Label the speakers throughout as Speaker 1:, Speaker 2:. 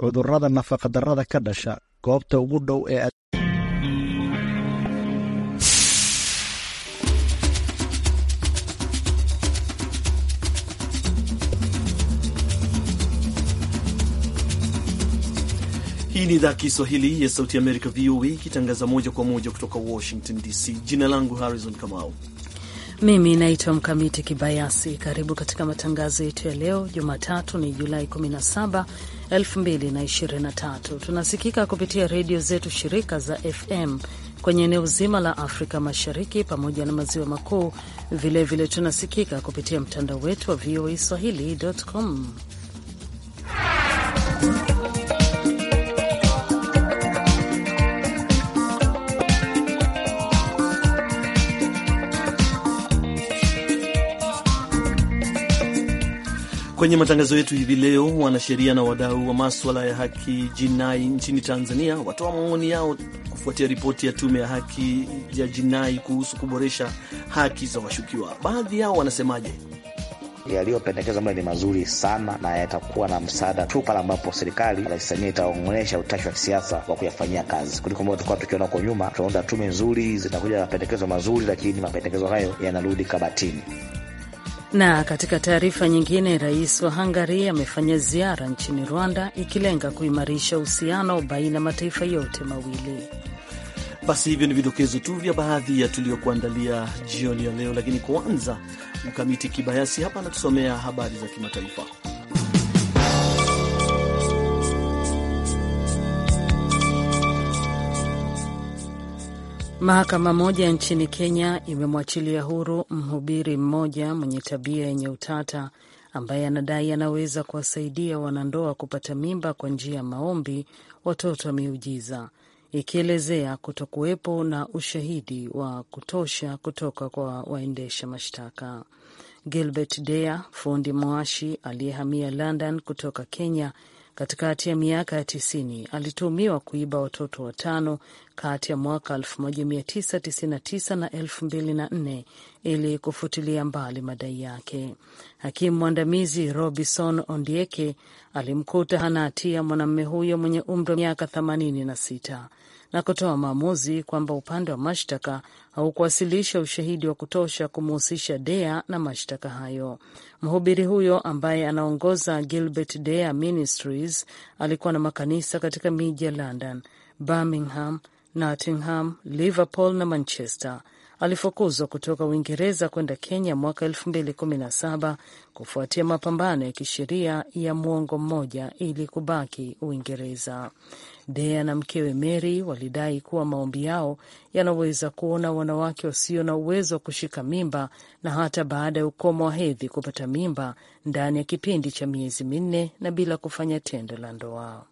Speaker 1: cudurrada nafaqadarrada ka dhasha goobta ugu dhow ee Hii ni idhaa Kiswahili ya Sauti Amerika, VOA, ikitangaza moja kwa moja kutoka Washington DC. Jina langu Harrison Kamau.
Speaker 2: Mimi naitwa Mkamiti Kibayasi. Karibu katika matangazo yetu ya leo Jumatatu ni Julai 2023. Tunasikika kupitia redio zetu shirika za FM kwenye eneo zima la Afrika Mashariki pamoja na maziwa makuu. Vilevile tunasikika kupitia mtandao wetu wa VOA swahili.com
Speaker 1: Kwenye matangazo yetu hivi leo, wanasheria na wadau wa maswala ya haki jinai nchini Tanzania watoa maoni yao kufuatia ripoti ya tume ya haki ya jinai kuhusu kuboresha haki za washukiwa. Baadhi yao wanasemaje?
Speaker 3: Yaliyopendekezwa ambayo ni mazuri sana na yatakuwa na msaada tu pale ambapo serikali, Rais Samia, itaonyesha utashi wa kisiasa wa kuyafanyia kazi kuliko ambao tulikuwa tukiona huko nyuma. Tunaunda tume nzuri, zinakuja na mapendekezo mazuri, lakini mapendekezo hayo yanarudi kabatini.
Speaker 2: Na katika taarifa nyingine, rais wa Hungary amefanya ziara nchini Rwanda ikilenga kuimarisha uhusiano baina ya mataifa yote mawili.
Speaker 1: Basi hivyo ni vidokezo tu vya baadhi ya tuliyokuandalia jioni ya leo, lakini kwanza Mkamiti Kibayasi hapa anatusomea habari za kimataifa.
Speaker 2: Mahakama moja nchini Kenya imemwachilia huru mhubiri mmoja mwenye tabia yenye utata ambaye anadai anaweza kuwasaidia wanandoa kupata mimba kwa njia ya maombi, watoto wa miujiza, ikielezea kutokuwepo na ushahidi wa kutosha kutoka kwa waendesha mashtaka. Gilbert Deya, fundi mwashi aliyehamia London kutoka Kenya, katikati ya miaka ya tisini alituhumiwa kuiba watoto watano kati ya mwaka 1999 na 2004 ili kufutilia mbali madai yake. Hakimu mwandamizi robison Ondieke alimkuta hana hatia mwanamume huyo mwenye umri wa miaka 86 na kutoa maamuzi kwamba upande wa mashtaka haukuwasilisha ushahidi wa kutosha kumuhusisha Dea na mashtaka hayo. Mhubiri huyo ambaye anaongoza Gilbert Dea Ministries alikuwa na makanisa katika miji ya London, Birmingham, Nottingham, Liverpool na Manchester. Alifukuzwa kutoka Uingereza kwenda Kenya mwaka 2017 kufuatia mapambano ya kisheria ya muongo mmoja ili kubaki Uingereza. Dea na mkewe Mary walidai kuwa maombi yao yanaweza kuona wanawake wasio na uwezo wa kushika mimba na hata baada ya ukomo wa hedhi kupata mimba ndani ya kipindi cha miezi minne na bila kufanya tendo la ndoa.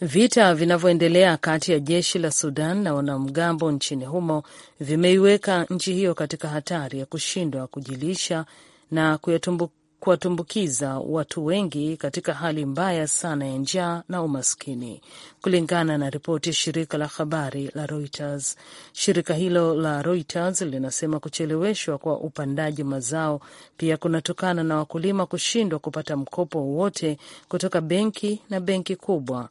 Speaker 2: Vita vinavyoendelea kati ya jeshi la Sudan na wanamgambo nchini humo vimeiweka nchi hiyo katika hatari ya kushindwa kujilisha na kuyatumbuka kuwatumbukiza watu wengi katika hali mbaya sana ya njaa na umaskini, kulingana na ripoti ya shirika la habari la Reuters. Shirika hilo la Reuters linasema kucheleweshwa kwa upandaji mazao pia kunatokana na wakulima kushindwa kupata mkopo wowote kutoka benki na benki kubwa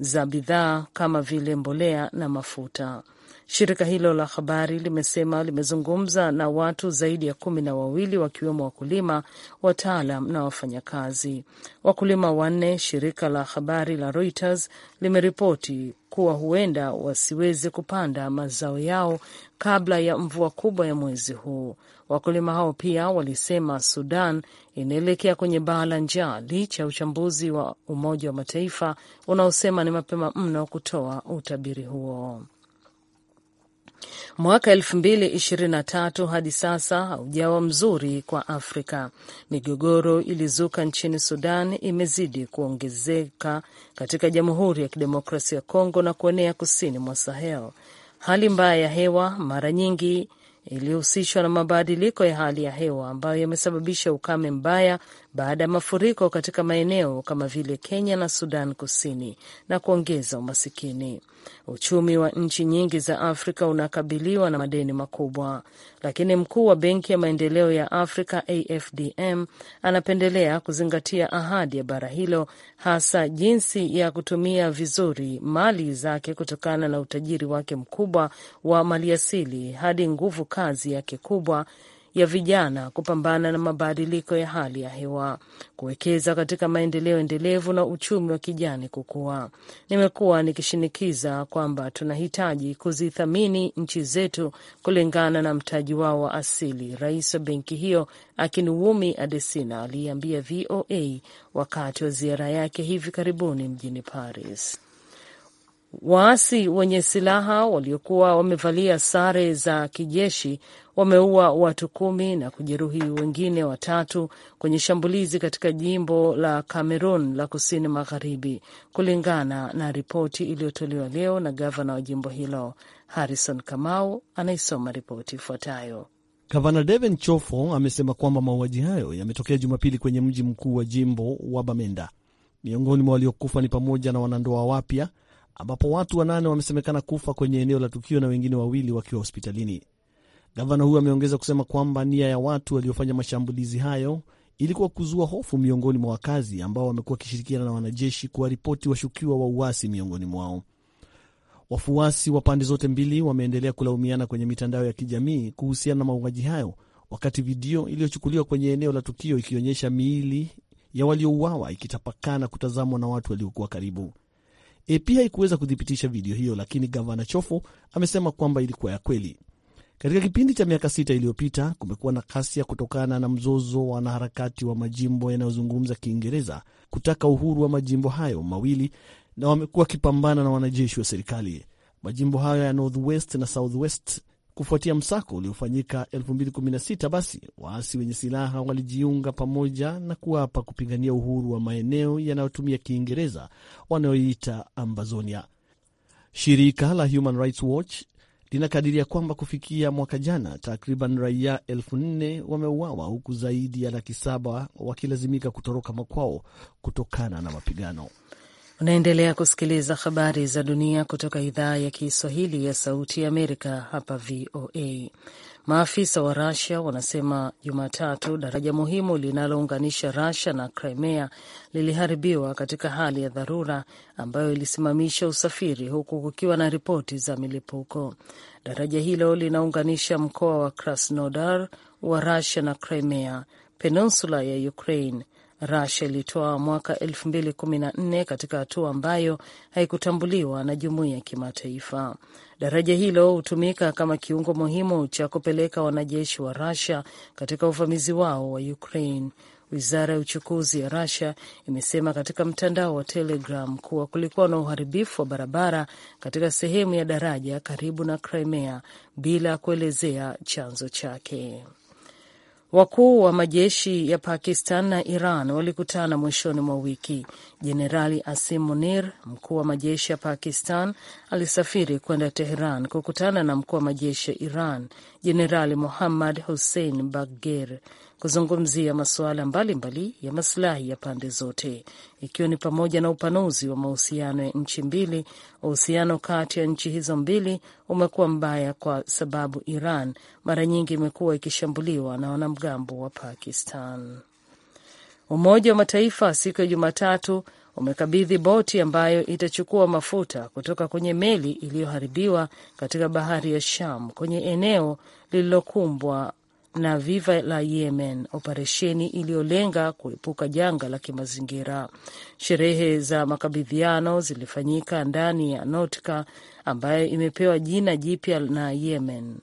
Speaker 2: za bidhaa kama vile mbolea na mafuta. Shirika hilo la habari limesema limezungumza na watu zaidi ya kumi na wawili wakiwemo wakulima, wataalam na wafanyakazi. Wakulima wanne, shirika la habari la Reuters limeripoti kuwa huenda wasiweze kupanda mazao yao kabla ya mvua kubwa ya mwezi huu. Wakulima hao pia walisema Sudan inaelekea kwenye baa la njaa licha ya uchambuzi wa Umoja wa Mataifa unaosema ni mapema mno kutoa utabiri huo. Mwaka elfu mbili ishirini na tatu hadi sasa haujawa mzuri kwa Afrika. Migogoro ilizuka nchini Sudan imezidi kuongezeka katika Jamhuri ya Kidemokrasia ya Kongo na kuenea kusini mwa Sahel. Hali mbaya ya hewa mara nyingi iliyohusishwa na mabadiliko ya hali ya hewa ambayo yamesababisha ukame mbaya baada ya mafuriko katika maeneo kama vile Kenya na Sudan Kusini na kuongeza umasikini. Uchumi wa nchi nyingi za Afrika unakabiliwa na madeni makubwa lakini mkuu wa Benki ya Maendeleo ya Afrika AFDM anapendelea kuzingatia ahadi ya bara hilo, hasa jinsi ya kutumia vizuri mali zake kutokana na utajiri wake mkubwa wa maliasili hadi nguvu kazi yake kubwa ya vijana kupambana na mabadiliko ya hali ya hewa, kuwekeza katika maendeleo endelevu na uchumi wa kijani kukua. Nimekuwa nikishinikiza kwamba tunahitaji kuzithamini nchi zetu kulingana na mtaji wao wa asili, rais wa benki hiyo Akinwumi Adesina aliyeambia VOA wakati wa ziara yake hivi karibuni mjini Paris. Waasi wenye silaha waliokuwa wamevalia sare za kijeshi wameua watu kumi na kujeruhi wengine watatu kwenye shambulizi katika jimbo la Cameroon la kusini magharibi, kulingana na ripoti iliyotolewa leo na gavana wa jimbo hilo. Harrison Kamau anaisoma ripoti ifuatayo.
Speaker 1: Gavana Devin Chofo amesema kwamba mauaji hayo yametokea Jumapili kwenye mji mkuu wa jimbo wa Bamenda. Miongoni mwa waliokufa ni pamoja na wanandoa wapya ambapo watu wanane wamesemekana kufa kwenye eneo la tukio na wengine wawili wakiwa hospitalini. Gavana huyo ameongeza kusema kwamba nia ya watu waliofanya mashambulizi hayo ilikuwa kuzua hofu miongoni mwa wakazi ambao wamekuwa wakishirikiana na wanajeshi kuwaripoti washukiwa wa uasi miongoni mwao. Wafuasi wa pande zote mbili wameendelea kulaumiana kwenye mitandao ya kijamii kuhusiana na mauaji hayo, wakati video iliyochukuliwa kwenye eneo la tukio ikionyesha miili ya waliouawa ikitapakana kutazamwa na watu waliokuwa karibu. E, AP haikuweza kuthibitisha video hiyo, lakini gavana Chofo amesema kwamba ilikuwa ya kweli. Katika kipindi cha miaka sita iliyopita kumekuwa na ghasia kutokana na mzozo wa wanaharakati wa majimbo yanayozungumza Kiingereza kutaka uhuru wa majimbo hayo mawili, na wamekuwa wakipambana na wanajeshi wa serikali. Majimbo hayo ya Northwest na Southwest Kufuatia msako uliofanyika 2016 basi waasi wenye silaha walijiunga pamoja na kuapa kupigania uhuru wa maeneo yanayotumia Kiingereza wanayoita Ambazonia. Shirika la Human Rights Watch linakadiria kwamba kufikia mwaka jana takriban raia 4 wameuawa huku zaidi ya laki saba wakilazimika kutoroka makwao kutokana na mapigano.
Speaker 2: Unaendelea kusikiliza habari za dunia kutoka idhaa ya Kiswahili ya Sauti ya Amerika, hapa VOA. Maafisa wa Rasia wanasema Jumatatu daraja muhimu linalounganisha Rasia na Crimea liliharibiwa katika hali ya dharura ambayo ilisimamisha usafiri, huku kukiwa na ripoti za milipuko. Daraja hilo linaunganisha mkoa wa Krasnodar wa Rasia na Crimea, peninsula ya Ukraine rusia ilitoa mwaka 2014 katika hatua ambayo haikutambuliwa na jumuiya ya kimataifa. Daraja hilo hutumika kama kiungo muhimu cha kupeleka wanajeshi wa rasia katika uvamizi wao wa Ukraine. Wizara ya uchukuzi ya rasia imesema katika mtandao wa Telegram kuwa kulikuwa na uharibifu wa barabara katika sehemu ya daraja karibu na Crimea bila kuelezea chanzo chake. Wakuu wa majeshi ya Pakistan na Iran walikutana mwishoni mwa wiki. Jenerali Asim Munir, mkuu wa majeshi ya Pakistan, alisafiri kwenda Teheran kukutana na mkuu wa majeshi ya Iran, Jenerali Muhammad Hussein Bagher kuzungumzia masuala mbalimbali ya masilahi ya pande zote, ikiwa ni pamoja na upanuzi wa mahusiano ya nchi mbili. Uhusiano kati ya nchi hizo mbili umekuwa mbaya kwa sababu Iran mara nyingi imekuwa ikishambuliwa na wanamgambo wa Pakistan. Umoja wa Mataifa siku ya Jumatatu umekabidhi boti ambayo itachukua mafuta kutoka kwenye meli iliyoharibiwa katika bahari ya Sham kwenye eneo lililokumbwa na Viva la Yemen, operesheni iliyolenga kuepuka janga la kimazingira. Sherehe za makabidhiano zilifanyika ndani ya Notka ambayo imepewa jina jipya na Yemen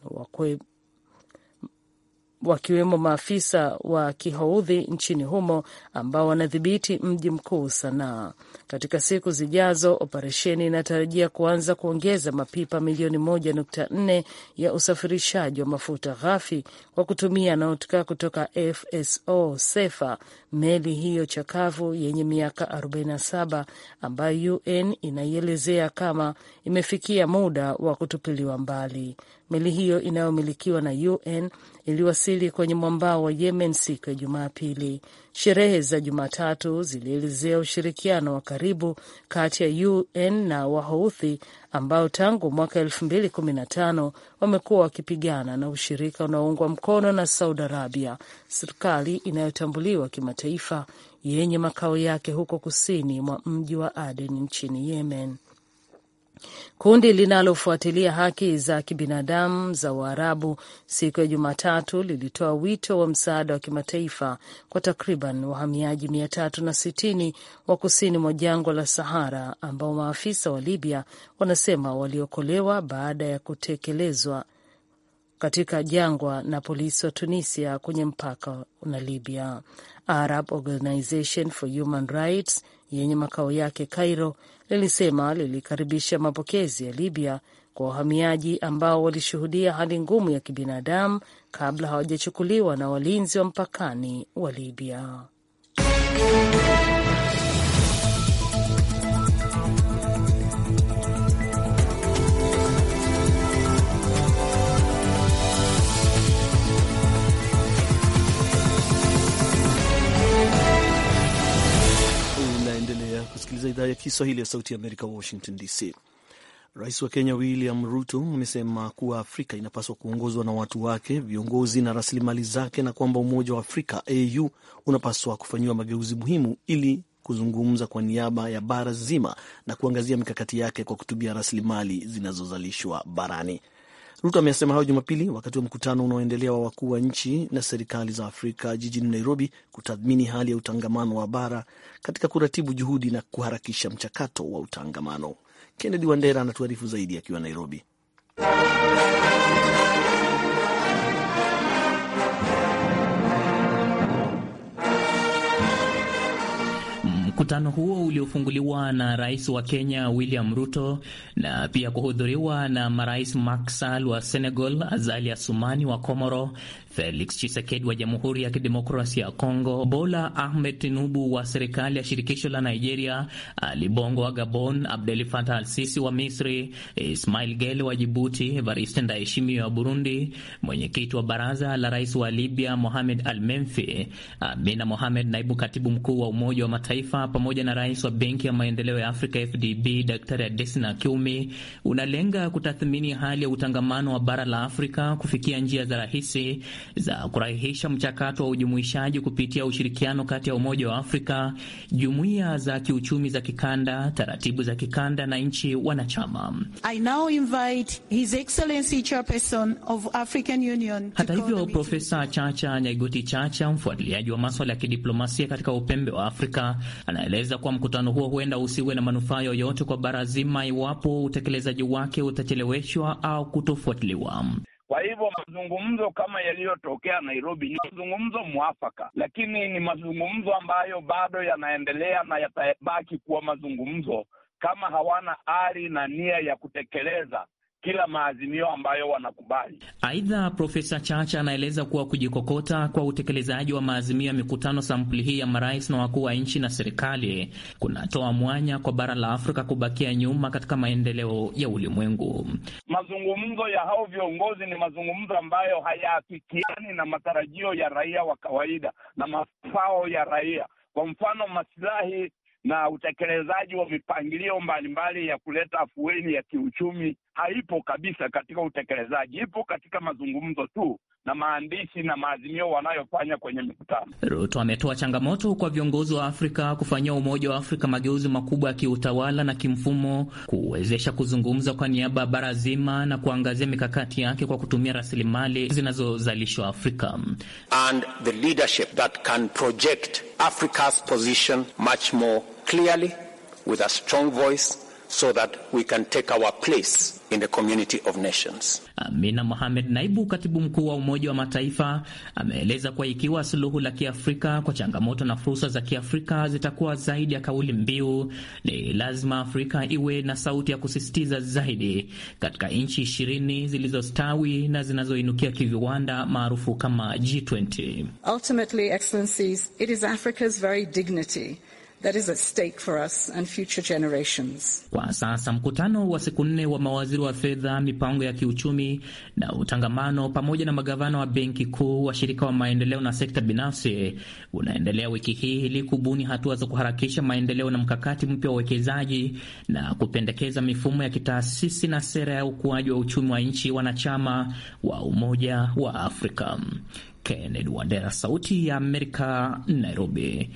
Speaker 2: wakiwemo maafisa wa kihoudhi nchini humo ambao wanadhibiti mji mkuu Sanaa. Katika siku zijazo, operesheni inatarajia kuanza kuongeza mapipa milioni moja nukta nne ya usafirishaji wa mafuta ghafi kwa kutumia anayotoka kutoka FSO Sefa, meli hiyo chakavu yenye miaka 47 ambayo UN inaielezea kama imefikia muda wa kutupiliwa mbali. Meli hiyo inayomilikiwa na UN iliwasili kuwasili kwenye mwambao wa Yemen siku ya Jumapili. Sherehe za Jumatatu zilielezea ushirikiano wa karibu kati ya UN na Wahouthi ambao tangu mwaka elfu mbili kumi na tano wamekuwa wakipigana na ushirika unaoungwa mkono na Saudi Arabia, serikali inayotambuliwa kimataifa yenye makao yake huko kusini mwa mji wa Aden nchini Yemen. Kundi linalofuatilia haki za kibinadamu za Waarabu siku ya Jumatatu lilitoa wito wa msaada wa kimataifa kwa takriban wahamiaji mia tatu na sitini wa kusini mwa jangwa la Sahara ambao maafisa wa Libya wanasema waliokolewa baada ya kutekelezwa katika jangwa na polisi wa Tunisia kwenye mpaka na Libya. Arab Organization for Human Rights yenye makao yake Cairo lilisema lilikaribisha mapokezi ya Libya kwa wahamiaji ambao walishuhudia hali ngumu ya kibinadamu kabla hawajachukuliwa na walinzi wa mpakani wa Libya.
Speaker 1: kusikiliza idhaa ya Kiswahili ya Sauti ya Amerika, Washington DC. Rais wa Kenya William Ruto amesema kuwa Afrika inapaswa kuongozwa na watu wake, viongozi na rasilimali zake, na kwamba Umoja wa Afrika AU unapaswa kufanyiwa mageuzi muhimu ili kuzungumza kwa niaba ya bara zima na kuangazia mikakati yake kwa kutumia rasilimali zinazozalishwa barani. Ruto amesema hayo Jumapili wakati wa mkutano unaoendelea wa wakuu wa nchi na serikali za Afrika jijini Nairobi kutathmini hali ya utangamano wa bara katika kuratibu juhudi na kuharakisha mchakato wa utangamano. Kennedy Wandera anatuarifu zaidi akiwa Nairobi.
Speaker 3: Mkutano huo uliofunguliwa na rais wa Kenya William Ruto na pia kuhudhuriwa na marais Macky Sall wa Senegal, Azali Assoumani wa Komoro, Felix Chisekedi wa Jamhuri ya Kidemokrasia ya Kongo, Bola Ahmed Tinubu wa serikali ya shirikisho la Nigeria, Ali Bongo wa Gabon, Abdel Fattah al-Sisi wa Misri, Ismail Gel wa Jibuti, Evariste Ndayishimiye wa Burundi, mwenyekiti wa baraza la rais wa Libya Mohamed Al-Menfi, Amina Mohamed naibu katibu mkuu wa Umoja wa Mataifa, pamoja na rais wa Benki ya Maendeleo ya Afrika FDB Daktari Adesina Gyumi unalenga kutathmini hali ya utangamano wa bara la Afrika kufikia njia za rahisi za kurahisisha mchakato wa ujumuishaji kupitia ushirikiano kati ya Umoja wa Afrika, jumuiya za kiuchumi za kikanda, taratibu za kikanda na nchi wanachama. Hata hivyo, Profesa Chacha Nyaigoti Chacha, mfuatiliaji wa maswala ya kidiplomasia katika upembe wa Afrika, anaeleza kuwa mkutano huo huenda usiwe na manufaa yoyote kwa bara zima iwapo utekelezaji wake utacheleweshwa au kutofuatiliwa.
Speaker 4: Kwa hivyo mazungumzo kama yaliyotokea Nairobi ni mazungumzo
Speaker 5: mwafaka,
Speaker 4: lakini ni mazungumzo ambayo bado yanaendelea na yatabaki kuwa mazungumzo kama hawana ari na nia ya kutekeleza kila
Speaker 5: maazimio ambayo wanakubali.
Speaker 3: Aidha, Profesa Chacha anaeleza kuwa kujikokota kwa utekelezaji wa maazimio ya mikutano sampuli hii ya marais na wakuu wa nchi na serikali kunatoa mwanya kwa bara la Afrika kubakia nyuma katika maendeleo ya ulimwengu.
Speaker 4: Mazungumzo ya hao viongozi ni mazungumzo ambayo hayaafikiani na matarajio ya raia wa kawaida na mafao ya raia, kwa mfano masilahi na utekelezaji wa mipangilio mbalimbali ya kuleta afueni ya kiuchumi haipo kabisa katika utekelezaji, ipo katika mazungumzo tu na maandishi na maazimio wanayofanya
Speaker 6: kwenye mikutano.
Speaker 3: Ruto ametoa changamoto kwa viongozi wa Afrika kufanyia Umoja wa Afrika mageuzi makubwa ya kiutawala na kimfumo, kuwezesha kuzungumza kwa niaba ya bara zima na kuangazia mikakati yake kwa kutumia rasilimali zinazozalishwa Afrika.
Speaker 6: And the leadership that can project Africa's position much more clearly with a strong voice so that we can take our place in the community of nations.
Speaker 3: Amina Mohamed, naibu katibu mkuu wa Umoja wa Mataifa, ameeleza kuwa ikiwa suluhu la Kiafrika kwa changamoto na fursa za Kiafrika zitakuwa zaidi ya kauli mbiu, ni lazima Afrika iwe na sauti ya kusisitiza zaidi katika nchi ishirini zilizostawi na zinazoinukia kiviwanda maarufu kama G20.
Speaker 2: Ultimately, Excellencies, it is Africa's very dignity that is at stake for us and future generations.
Speaker 3: Kwa sasa mkutano wa siku nne wa mawaziri wa fedha, mipango ya kiuchumi na utangamano, pamoja na magavana wa benki kuu, washirika wa maendeleo na sekta binafsi unaendelea wiki hii ili kubuni hatua za kuharakisha maendeleo na mkakati mpya wa uwekezaji na kupendekeza mifumo ya kitaasisi na sera ya ukuaji wa uchumi wa nchi wanachama wa Umoja wa Afrika. Kennedy Wandera, Sauti ya Amerika, Nairobi.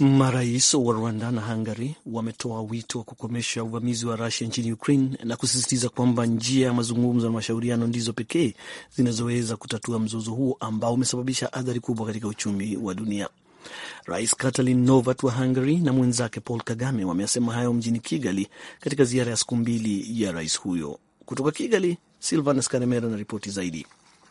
Speaker 1: Marais wa Rwanda na Hungary wametoa wito wa kukomesha uvamizi wa Rusia nchini Ukraine na kusisitiza kwamba njia ya mazungumzo na mashauriano ndizo pekee zinazoweza kutatua mzozo huo ambao umesababisha athari kubwa katika uchumi wa dunia. Rais Katalin Novat wa Hungary na mwenzake Paul Kagame wameasema hayo mjini Kigali katika ziara ya siku mbili ya rais huyo. Kutoka Kigali, Silvanus Karemera na ripoti zaidi.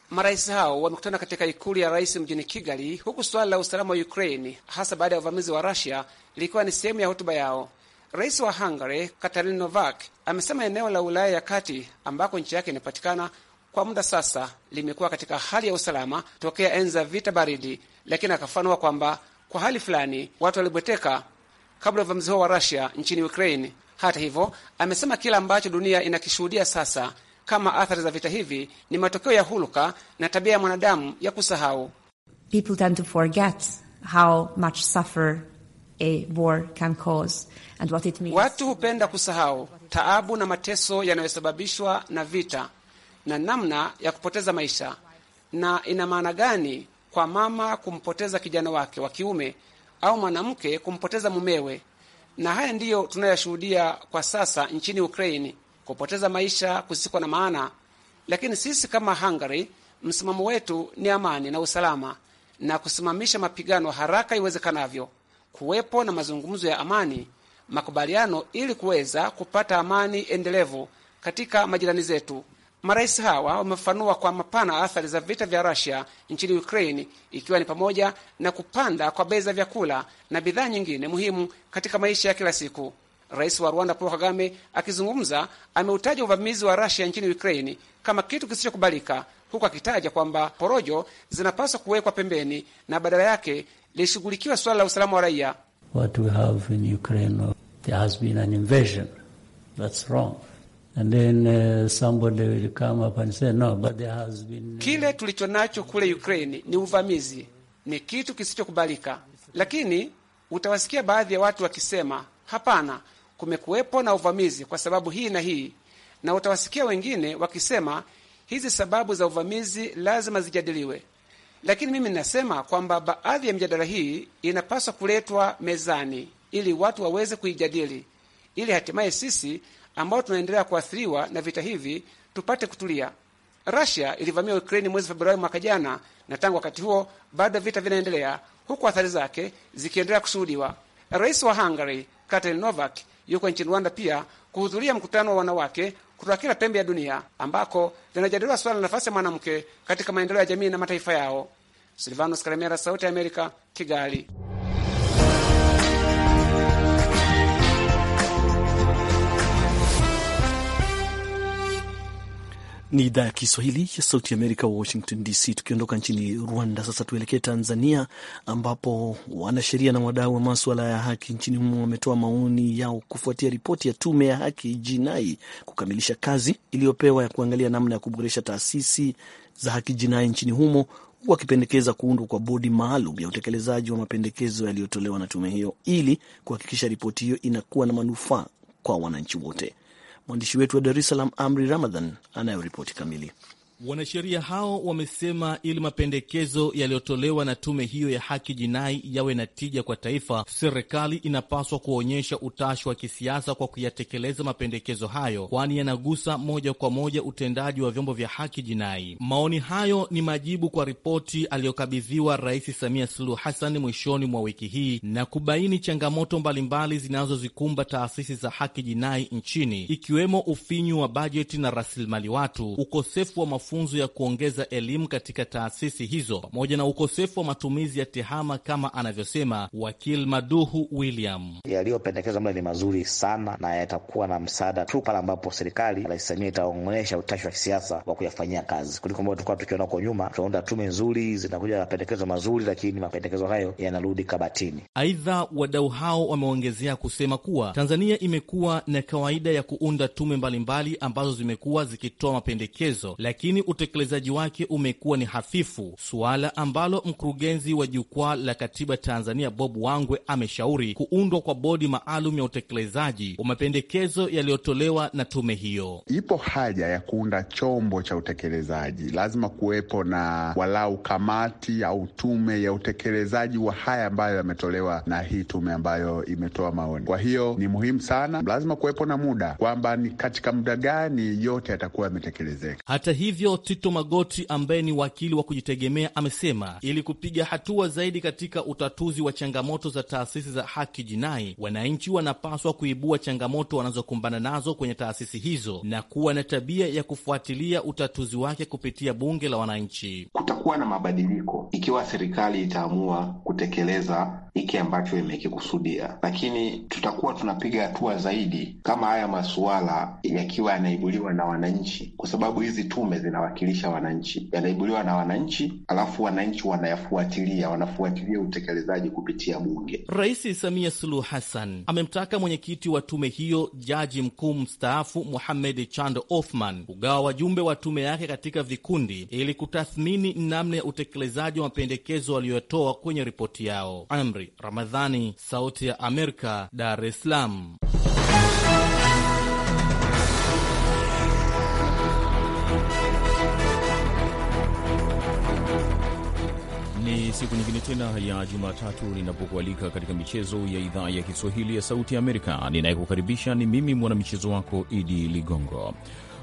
Speaker 6: Marais hao wamekutana katika ikulu ya rais mjini Kigali, huku suala la usalama wa Ukraini hasa baada ya uvamizi wa Rusia likiwa ni sehemu ya hotuba yao. Rais wa Hungary Katalin Novak amesema eneo la Ulaya ya kati ambako nchi yake inapatikana kwa muda sasa limekuwa katika hali ya usalama tokea enza vita baridi, lakini akafanua kwamba kwa hali fulani watu walibweteka kabla ya uvamizi huo wa Rusia nchini Ukraini. Hata hivyo, amesema kila ambacho dunia inakishuhudia sasa kama athari za vita hivi ni matokeo ya hulka na tabia ya mwanadamu ya kusahau.
Speaker 2: People tend to forget how much suffer a war can cause and what it means.
Speaker 6: Watu hupenda kusahau taabu na mateso yanayosababishwa na vita na namna ya kupoteza maisha, na ina maana gani kwa mama kumpoteza kijana wake wa kiume au mwanamke kumpoteza mumewe. Na haya ndiyo tunayoshuhudia kwa sasa nchini Ukraini kupoteza maisha kusiko na maana. Lakini sisi kama Hungary, msimamo wetu ni amani na usalama na kusimamisha mapigano haraka iwezekanavyo, kuwepo na mazungumzo ya amani, makubaliano, ili kuweza kupata amani endelevu katika majirani zetu. Marais hawa wamefafanua kwa mapana athari za vita vya Rusia nchini Ukraine, ikiwa ni pamoja na kupanda kwa bei za vyakula na bidhaa nyingine muhimu katika maisha ya kila siku. Rais wa Rwanda Paul Kagame akizungumza ameutaja uvamizi wa rasia nchini Ukraini kama kitu kisichokubalika, huku akitaja kwamba porojo zinapaswa kuwekwa pembeni na badala yake lishughulikiwa suala la usalama wa raia. What we have in Ukraine, there has been an invasion. That's wrong. And then, uh, somebody will come up and say, no, but there has been... Uh, Kile tulicho nacho kule Ukraini ni uvamizi, ni kitu kisichokubalika, lakini utawasikia baadhi ya watu wakisema hapana kumekuwepo na uvamizi kwa sababu hii na hii, na utawasikia wengine wakisema hizi sababu za uvamizi lazima zijadiliwe, lakini mimi ninasema kwamba baadhi ya mijadala hii inapaswa kuletwa mezani ili watu waweze kuijadili, ili hatimaye sisi ambao tunaendelea kuathiriwa na vita hivi tupate kutulia. Rasia ilivamia Ukraini mwezi Februari mwaka jana, na tangu wakati huo bado vita vinaendelea, huku athari zake zikiendelea kushuhudiwa. Rais wa Hungary Katrin Novak yuko nchini Rwanda pia kuhudhuria mkutano wa wanawake kutoka kila pembe ya dunia ambako linajadiliwa suala la nafasi ya mwanamke katika maendeleo ya jamii na mataifa yao. Silvanos Karemera, Sauti ya Amerika, Kigali.
Speaker 7: Ni
Speaker 1: idhaa ya Kiswahili ya Sauti Amerika, Washington DC. Tukiondoka nchini Rwanda, sasa tuelekee Tanzania, ambapo wanasheria na wadau wa maswala ya haki nchini humo wametoa maoni yao kufuatia ripoti ya Tume ya Haki Jinai kukamilisha kazi iliyopewa ya kuangalia namna ya kuboresha taasisi za haki jinai nchini humo, huku wakipendekeza kuundwa kwa bodi maalum ya utekelezaji wa mapendekezo yaliyotolewa na tume hiyo ili kuhakikisha ripoti hiyo inakuwa na manufaa kwa wananchi wote. Mwandishi wetu wa Dar es Salaam, Amri Ramadhan, anayoripoti kamili.
Speaker 7: Wanasheria hao wamesema ili mapendekezo yaliyotolewa na tume hiyo ya haki jinai yawe na tija kwa taifa, serikali inapaswa kuonyesha utashi wa kisiasa kwa kuyatekeleza mapendekezo hayo, kwani yanagusa moja kwa moja utendaji wa vyombo vya haki jinai. Maoni hayo ni majibu kwa ripoti aliyokabidhiwa Rais Samia Suluhu Hassan mwishoni mwa wiki hii na kubaini changamoto mbalimbali zinazozikumba taasisi za haki jinai nchini, ikiwemo ufinyu wa bajeti na rasilimali watu, ukosefu wa mafunzo ya kuongeza elimu katika taasisi hizo pamoja na ukosefu wa matumizi ya tehama kama anavyosema wakil Maduhu William.
Speaker 3: Yaliyopendekezwa mle ni mazuri sana na yatakuwa na msaada tu pale ambapo serikali, Rais Samia, itaonyesha utashi wa kisiasa wa kuyafanyia kazi kuliko ambao tulikuwa tukiona huko nyuma. Tunaunda tume nzuri, zinakuja mapendekezo mazuri, lakini mapendekezo hayo yanarudi kabatini.
Speaker 7: Aidha, wadau hao wameongezea kusema kuwa Tanzania imekuwa na kawaida ya kuunda tume mbalimbali ambazo zimekuwa zikitoa mapendekezo lakini lakini utekelezaji wake umekuwa ni hafifu, suala ambalo mkurugenzi wa Jukwaa la Katiba Tanzania Bob Wangwe ameshauri kuundwa kwa bodi maalum ya utekelezaji wa mapendekezo yaliyotolewa na tume hiyo.
Speaker 4: Ipo haja ya kuunda chombo cha utekelezaji, lazima kuwepo na walau kamati au tume ya utekelezaji wa haya ambayo yametolewa na hii tume ambayo imetoa maoni. Kwa hiyo ni muhimu sana, lazima kuwepo na muda kwamba ni katika muda gani yote yatakuwa yametekelezeka.
Speaker 7: Hata hivyo hiyo, Tito Magoti ambaye ni wakili wa kujitegemea amesema ili kupiga hatua zaidi katika utatuzi wa changamoto za taasisi za haki jinai, wananchi wanapaswa kuibua changamoto wanazokumbana nazo kwenye taasisi hizo na kuwa na tabia ya kufuatilia utatuzi wake kupitia bunge la wananchi. Kutakuwa
Speaker 4: na mabadiliko ikiwa serikali itaamua kutekeleza hiki ambacho imekikusudia, lakini tutakuwa tunapiga hatua zaidi kama haya masuala yakiwa yanaibuliwa na wananchi, kwa sababu hizi tume zina yanawakilisha wananchi, yanaibuliwa na wananchi, alafu wananchi wanayafuatilia, wanafuatilia utekelezaji kupitia bunge.
Speaker 7: Rais Samia Suluhu Hassan amemtaka mwenyekiti wa tume hiyo jaji mkuu mstaafu Muhamed Chando Othman kugawa wajumbe wa tume yake katika vikundi ili kutathmini namna ya utekelezaji wa mapendekezo waliyotoa kwenye ripoti yao. Amri Ramadhani, Sauti ya Amerika, Dar es Salaam.
Speaker 8: Ni siku nyingine tena ya Jumatatu ninapokualika katika michezo ya idhaa ya Kiswahili ya Sauti ya Amerika. Ninayekukaribisha ni mimi mwanamichezo wako Idi Ligongo.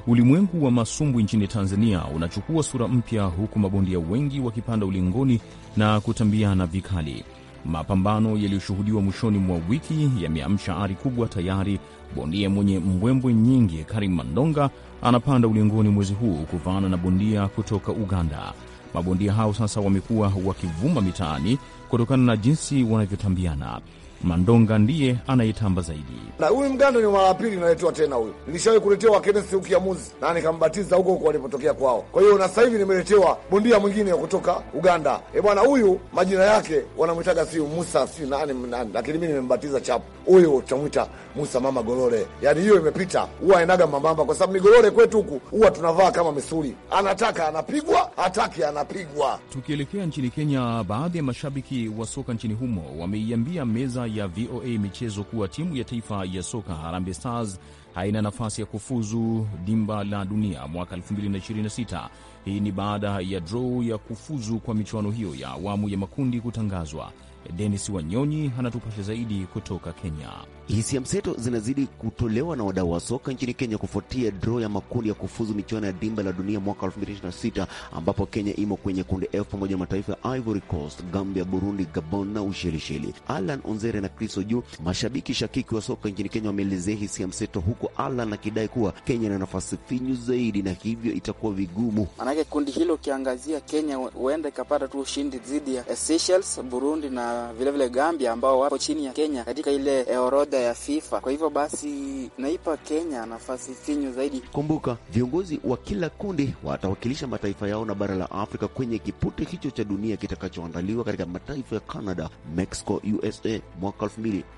Speaker 8: Ulimwengu wa masumbwi nchini Tanzania unachukua sura mpya, huku mabondia wengi wakipanda ulingoni na kutambiana vikali. Mapambano yaliyoshuhudiwa mwishoni mwa wiki yameamsha ari kubwa tayari. Bondia mwenye mbwembwe nyingi Karim Mandonga anapanda ulingoni mwezi huu kuvaana na bondia kutoka Uganda Mabondia hao sasa wamekuwa wakivuma mitaani kutokana na jinsi wanavyotambiana. Mandonga ndiye anayetamba zaidi.
Speaker 5: Na huyu mgando ni mara ya pili naletewa tena huyu. Nilishawahi kuletewa ya muzi na nikambatiza huko huko walipotokea kwao. Kwa hiyo na sasa hivi nimeletewa bondia mwingine kutoka Uganda. E bwana, huyu majina yake wanamwitaga siu Musa siu nani nani, lakini mi nimembatiza Chapu. Huyu utamwita Musa mama Golole. Yani hiyo imepita, huwa ainaga mambamba, kwa sababu migolole kwetu huku huwa tunavaa kama misuli,
Speaker 4: anataka anapigwa, hataki anapigwa.
Speaker 8: Tukielekea nchini Kenya, baadhi ya mashabiki wa soka nchini humo wameiambia meza ya VOA michezo kuwa timu ya taifa ya soka Harambee Stars haina nafasi ya kufuzu dimba la dunia mwaka 2026. Hii ni baada ya draw ya kufuzu kwa michuano hiyo ya awamu ya makundi kutangazwa. Denis Wanyonyi anatupasha zaidi kutoka Kenya.
Speaker 1: Hisia mseto zinazidi kutolewa na wadau wa soka nchini Kenya kufuatia draw ya makundi ya kufuzu michuano ya dimba la dunia mwaka 2026 ambapo Kenya imo kwenye kundi F pamoja na mataifa ya Ivory Coast, Gambia, Burundi, Gabon na Ushelisheli. Alan Onzere na kristo juu mashabiki shakiki wa soka nchini Kenya, wameelezea hisia mseto, huku Alan akidai kuwa Kenya ina nafasi finyu zaidi na hivyo itakuwa vigumu.
Speaker 4: Maanake kundi hilo ukiangazia, Kenya huenda ikapata tu ushindi dhidi ya Seychelles, Burundi na vilevile vile Gambia ambao wapo chini ya Kenya katika ile eh, orodha ya FIFA. Kwa hivyo basi naipa Kenya nafasi finyu zaidi.
Speaker 1: Kumbuka viongozi wa kila kundi watawakilisha mataifa yao na bara la Afrika kwenye kipute hicho cha dunia kitakachoandaliwa katika mataifa ya Canada, Mexico, USA mwaka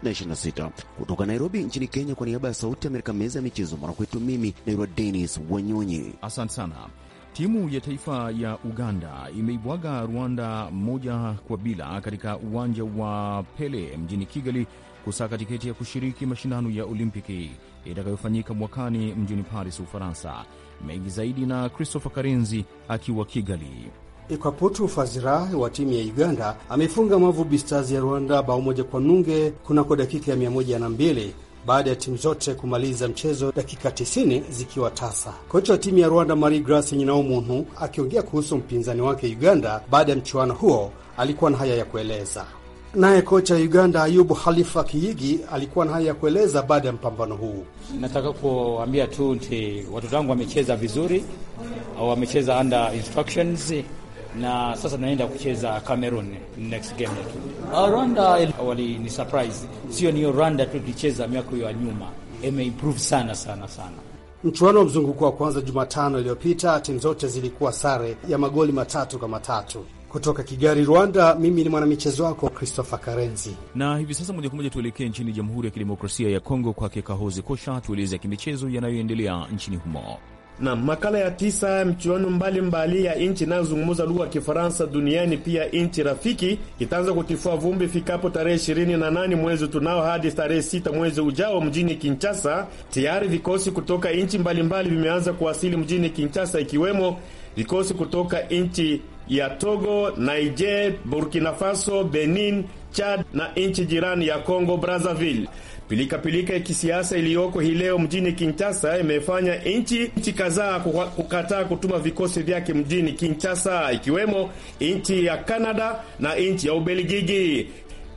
Speaker 1: 2026. Kutoka Nairobi nchini Kenya, kwa niaba ya Sauti ya Amerika, meza ya michezo, mwanakwetu mimi naitwa Dennis Wanyonyi.
Speaker 8: Asante sana. Timu ya taifa ya Uganda imeibwaga Rwanda moja kwa bila katika uwanja wa Pele mjini Kigali kusaka tiketi ya kushiriki mashindano ya Olimpiki itakayofanyika mwakani mjini Paris, Ufaransa. Mengi zaidi na Christopher Karenzi akiwa Kigali.
Speaker 4: Ikaputu Fazira wa timu ya Uganda ameifunga Mavubi Stars ya Rwanda bao moja kwa nunge kunako dakika ya 102 baada ya timu zote kumaliza mchezo dakika 90 zikiwa tasa. Kocha wa timu ya Rwanda Marie Grace Nyinaumuntu akiongea kuhusu mpinzani wake Uganda baada ya mchuano huo alikuwa na haya ya kueleza. Naye kocha wa Uganda Ayubu Halifa Kiyigi alikuwa na haya ya kueleza baada ya mpambano
Speaker 8: huu. Nataka kuambia tu nti watoto wangu wamecheza vizuri, wamecheza under instructions na sasa naenda kucheza Cameroon next game yetu. Ah, Rwanda wali ni surprise, sio niyo Rwanda tu tulicheza miaka hiyo ya nyuma,
Speaker 3: imeimprove sana sana sana.
Speaker 4: Mchuano wa mzunguko wa kwanza Jumatano iliyopita timu zote zilikuwa sare ya magoli matatu kwa matatu. Kutoka Kigali, Rwanda, mimi ni mwanamichezo wako Christopher Karenzi.
Speaker 8: Na hivi sasa moja kwa moja tuelekee nchini Jamhuri ya Kidemokrasia ya Kongo, kwake Kahozi Kosha tueleze kimichezo yanayoendelea nchini humo
Speaker 4: na makala ya tisa michuano mbalimbali ya nchi inayozungumza lugha ya Kifaransa duniani pia nchi rafiki itaanza kutifua vumbi ifikapo tarehe 28 mwezi tunao hadi tarehe 6 mwezi ujao mjini kinchasa Tayari vikosi kutoka nchi mbalimbali vimeanza kuwasili mjini kinchasa ikiwemo vikosi kutoka nchi ya Togo, Niger, Burkina Faso, Benin, Chad na nchi jirani ya Congo Brazzaville. Pilikapilika ya kisiasa iliyoko hii leo mjini Kinshasa imefanya nchi nchi kadhaa kukataa kutuma vikosi vyake mjini Kinshasa, ikiwemo nchi ya Kanada na nchi ya Ubelgiji.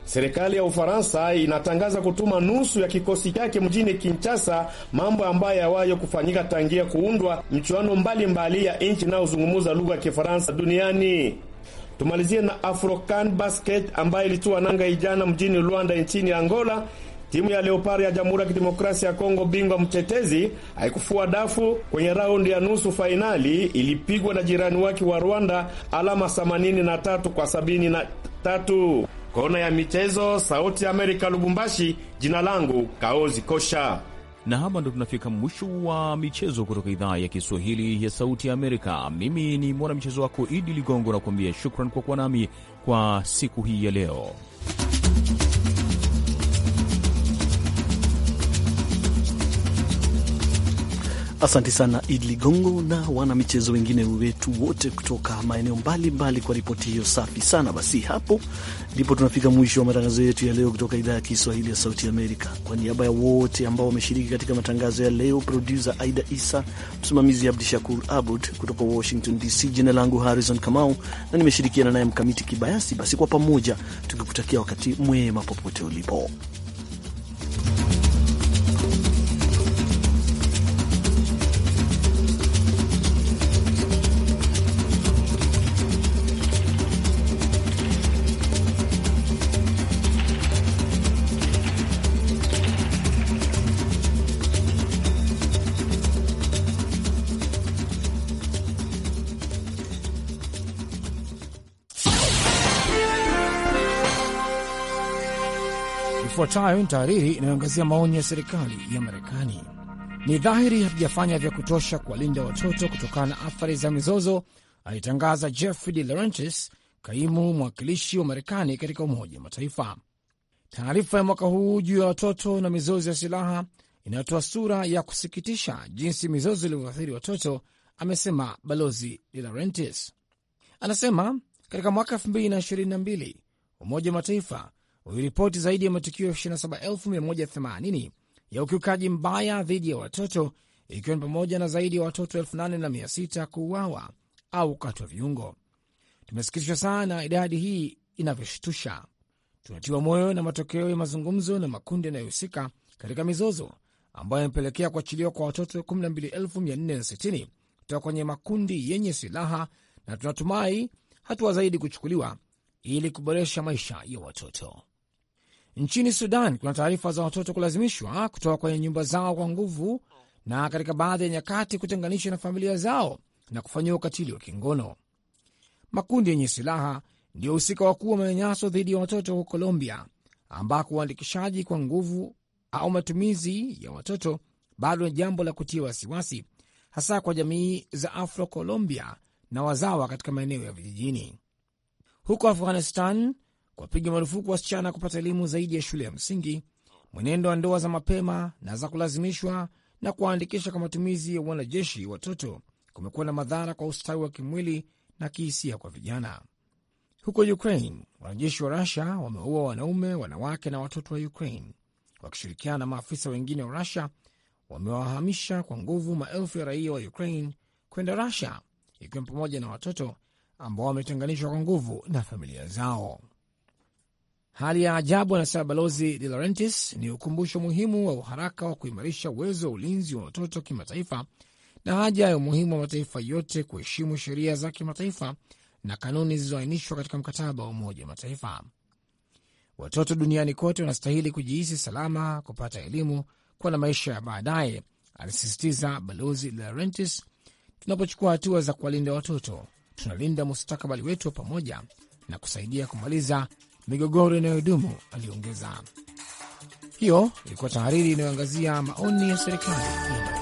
Speaker 4: Serikali ya Ufaransa inatangaza kutuma nusu ya kikosi chake mjini Kinshasa, mambo ambayo yawayo kufanyika tangia kuundwa michuano mbalimbali ya nchi inayozungumza lugha ya Kifaransa duniani. Tumalizie na Afrocan Basket ambayo ilitua nanga ijana mjini Luanda nchini Angola Timu ya Leopard ya Jamhuri ya Kidemokrasia ya Kongo, bingwa mtetezi, haikufua dafu kwenye raundi ya nusu fainali. Ilipigwa na jirani wake wa Rwanda alama 83 kwa 73.
Speaker 8: Kona ya michezo, Sauti ya Amerika, Lubumbashi. Jina langu Kaozi Kosha, na hapa ndo tunafika mwisho wa michezo kutoka idhaa ya Kiswahili ya Sauti ya Amerika. Mimi ni mwanamichezo wako Idi Ligongo, nakuambia shukran kwa kuwa nami kwa siku hii ya leo.
Speaker 1: Asante sana Idi Ligongo na wanamichezo wengine wetu wote kutoka maeneo mbalimbali kwa ripoti hiyo safi sana. Basi hapo ndipo tunafika mwisho wa matangazo yetu ya leo kutoka idhaa ya Kiswahili ya Sauti Amerika. Kwa niaba ya wote ambao wameshiriki katika matangazo ya leo, produsa Aida Isa, msimamizi Abdi Shakur Abud kutoka Washington DC. Jina langu Harrison Kamau na nimeshirikiana naye Mkamiti Kibayasi. Basi kwa pamoja tukikutakia wakati mwema popote ulipo.
Speaker 5: Ifuatayo ni tahariri inayoangazia maoni ya serikali ya Marekani. Ni dhahiri hatujafanya vya kutosha kuwalinda watoto kutokana na athari za mizozo, alitangaza Jeffrey de Laurentis, kaimu mwakilishi wa Marekani katika Umoja wa Mataifa. Taarifa ya mwaka huu juu ya watoto na mizozo ya silaha inayotoa sura ya kusikitisha jinsi mizozo ilivyoathiri watoto, amesema balozi de Laurentis. Anasema katika mwaka 2022 Umoja wa Mataifa uliripoti zaidi ya matukio 27,180 ya ukiukaji mbaya dhidi ya watoto ikiwa ni pamoja na zaidi ya watoto 8,600 kuuawa au kukatwa viungo. Tumesikitishwa sana idadi hii inavyoshtusha. Tunatiwa moyo na matokeo ya mazungumzo na makundi yanayohusika katika mizozo ambayo yamepelekea kuachiliwa kwa watoto 12,460 kutoka kwenye makundi yenye silaha, na tunatumai hatua zaidi kuchukuliwa ili kuboresha maisha ya watoto. Nchini Sudan kuna taarifa za watoto kulazimishwa kutoka kwenye nyumba zao kwa nguvu na katika baadhi ya nyakati kutenganishwa na familia zao na kufanyiwa ukatili wa kingono. Makundi yenye silaha ndio husika wakuu wa manyanyaso dhidi ya watoto huko Colombia, ambako uandikishaji kwa nguvu au matumizi ya watoto bado ni jambo la kutia wasiwasi, hasa kwa jamii za Afro Colombia na wazawa katika maeneo ya vijijini. Huko Afghanistan, kuwapiga marufuku wasichana kupata elimu zaidi ya shule ya msingi, mwenendo wa ndoa za mapema na za kulazimishwa, na kuwaandikisha kwa matumizi ya wanajeshi watoto kumekuwa na madhara kwa ustawi wa kimwili na kihisia kwa vijana. Huko Ukraine, wanajeshi wa Rusia wameua wanaume, wanawake na watoto wa Ukraine wakishirikiana na maafisa wengine wa Rusia wamewahamisha kwa nguvu maelfu ya raia wa Ukraine kwenda Rusia, ikiwemo pamoja na watoto ambao wametenganishwa kwa nguvu na familia zao. Hali ya ajabu, anasema Balozi De Laurentis, ni ukumbusho muhimu wa uharaka wa kuimarisha uwezo wa ulinzi wa watoto kimataifa na haja ya umuhimu wa mataifa yote kuheshimu sheria za kimataifa na kanuni zilizoainishwa katika mkataba wa Umoja wa Mataifa. Watoto duniani kote wanastahili kujihisi salama, kupata elimu, kuwa na maisha ya baadaye, alisisitiza Balozi De Laurentis. Tunapochukua hatua za kuwalinda watoto, tunalinda mustakabali wetu wa pamoja na kusaidia kumaliza migogoro inayodumu, aliongeza. Hiyo ilikuwa tahariri inayoangazia maoni ya serikali.